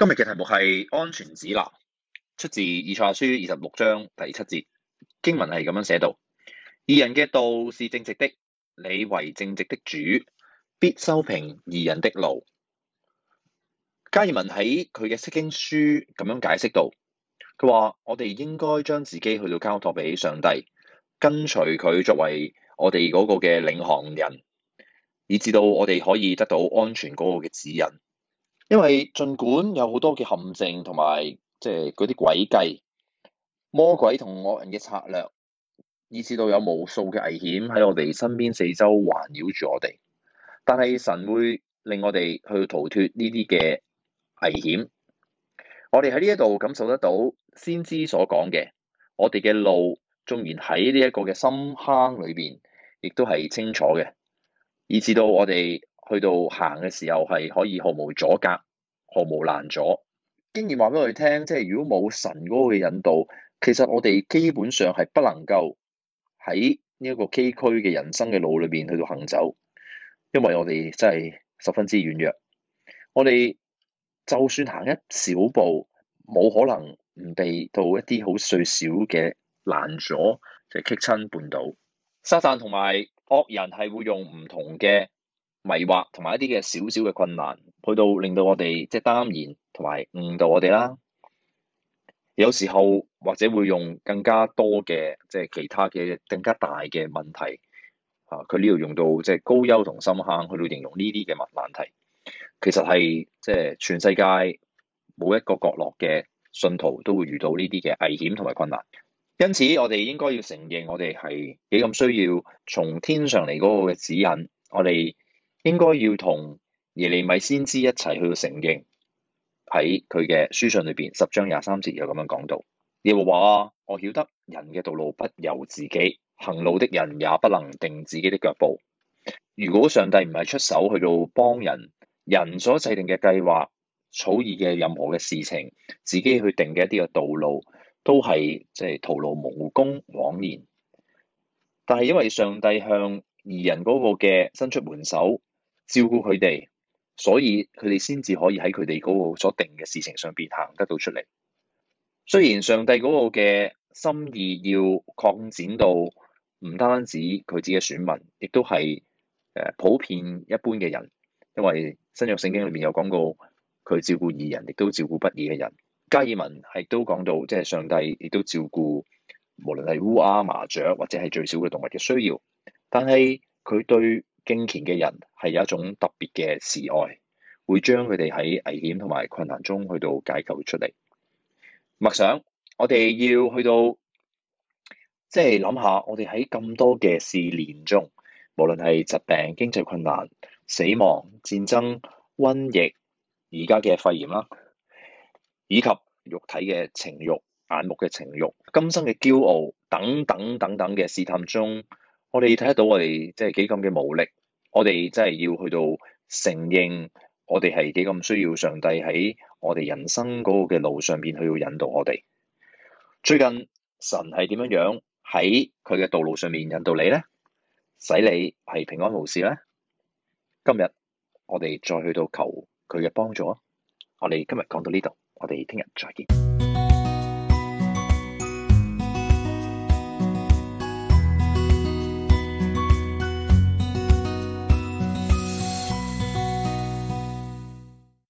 今日嘅題目係安全指南，出自以賽亞書二十六章第七節，經文係咁樣寫道：二人嘅道是正直的，你為正直的主，必修平二人的路。加爾文喺佢嘅釋經書咁樣解釋道：「佢話我哋應該將自己去到交託俾上帝，跟隨佢作為我哋嗰個嘅領航人，以至到我哋可以得到安全嗰個嘅指引。因為儘管有好多嘅陷阱同埋，即係嗰啲詭計、魔鬼同惡人嘅策略，以至到有無數嘅危險喺我哋身邊四周環繞住我哋，但係神會令我哋去逃脱呢啲嘅危險。我哋喺呢一度感受得到先知所講嘅，我哋嘅路縱然喺呢一個嘅深坑裏邊，亦都係清楚嘅，以至到我哋去到行嘅時候係可以毫無阻隔。服務攔阻，經驗話俾我哋聽，即係如果冇神嗰嘅引導，其實我哋基本上係不能夠喺呢一個崎嶇嘅人生嘅路裏邊去度行走，因為我哋真係十分之軟弱。我哋就算行一小步，冇可能唔被到一啲好碎小嘅攔阻，就係棘親絆倒。撒旦同埋惡人係會用唔同嘅，迷惑同埋一啲嘅少少嘅困難，去到令到我哋即係耽延同埋誤導我哋啦。有時候或者會用更加多嘅即係其他嘅更加大嘅問題，啊，佢呢度用到即係高丘同深坑去到形容呢啲嘅問題。其實係即係全世界每一個角落嘅信徒都會遇到呢啲嘅危險同埋困難。因此我哋應該要承認，我哋係幾咁需要從天上嚟嗰個嘅指引，我哋。應該要同耶利米先知一齊去到承認，喺佢嘅書信裏邊十章廿三節又咁樣講到：耶和華啊，我曉得人嘅道路不由自己，行路的人也不能定自己的腳步。如果上帝唔係出手去到幫人，人所制定嘅計劃、草擬嘅任何嘅事情，自己去定嘅一啲嘅道路，都係即係徒勞無功、枉然，但係因為上帝向義人嗰個嘅伸出援手，照顧佢哋，所以佢哋先至可以喺佢哋嗰個所定嘅事情上邊行得到出嚟。雖然上帝嗰個嘅心意要擴展到唔單止佢自己嘅選民，亦都係誒普遍一般嘅人。因為新約聖經裏面有講過佢照顧義人，亦都照顧不義嘅人。加爾文係都講到，即係上帝亦都照顧無論係烏鴉、啊、麻雀或者係最小嘅動物嘅需要。但係佢對敬虔嘅人係有一種特別嘅慈愛，會將佢哋喺危險同埋困難中去到解救出嚟。默想，我哋要去到，即係諗下，我哋喺咁多嘅試煉中，無論係疾病、經濟困難、死亡、戰爭、瘟疫，而家嘅肺炎啦，以及肉體嘅情欲、眼目嘅情欲、今生嘅驕傲等等等等嘅試探中，我哋睇得到我哋即係幾咁嘅無力。我哋真係要去到承認，我哋係幾咁需要上帝喺我哋人生嗰個嘅路上邊去到引導我哋。最近神係點樣樣喺佢嘅道路上面引導你咧，使你係平安無事咧？今日我哋再去到求佢嘅幫助啊！我哋今日講到呢度，我哋聽日再見。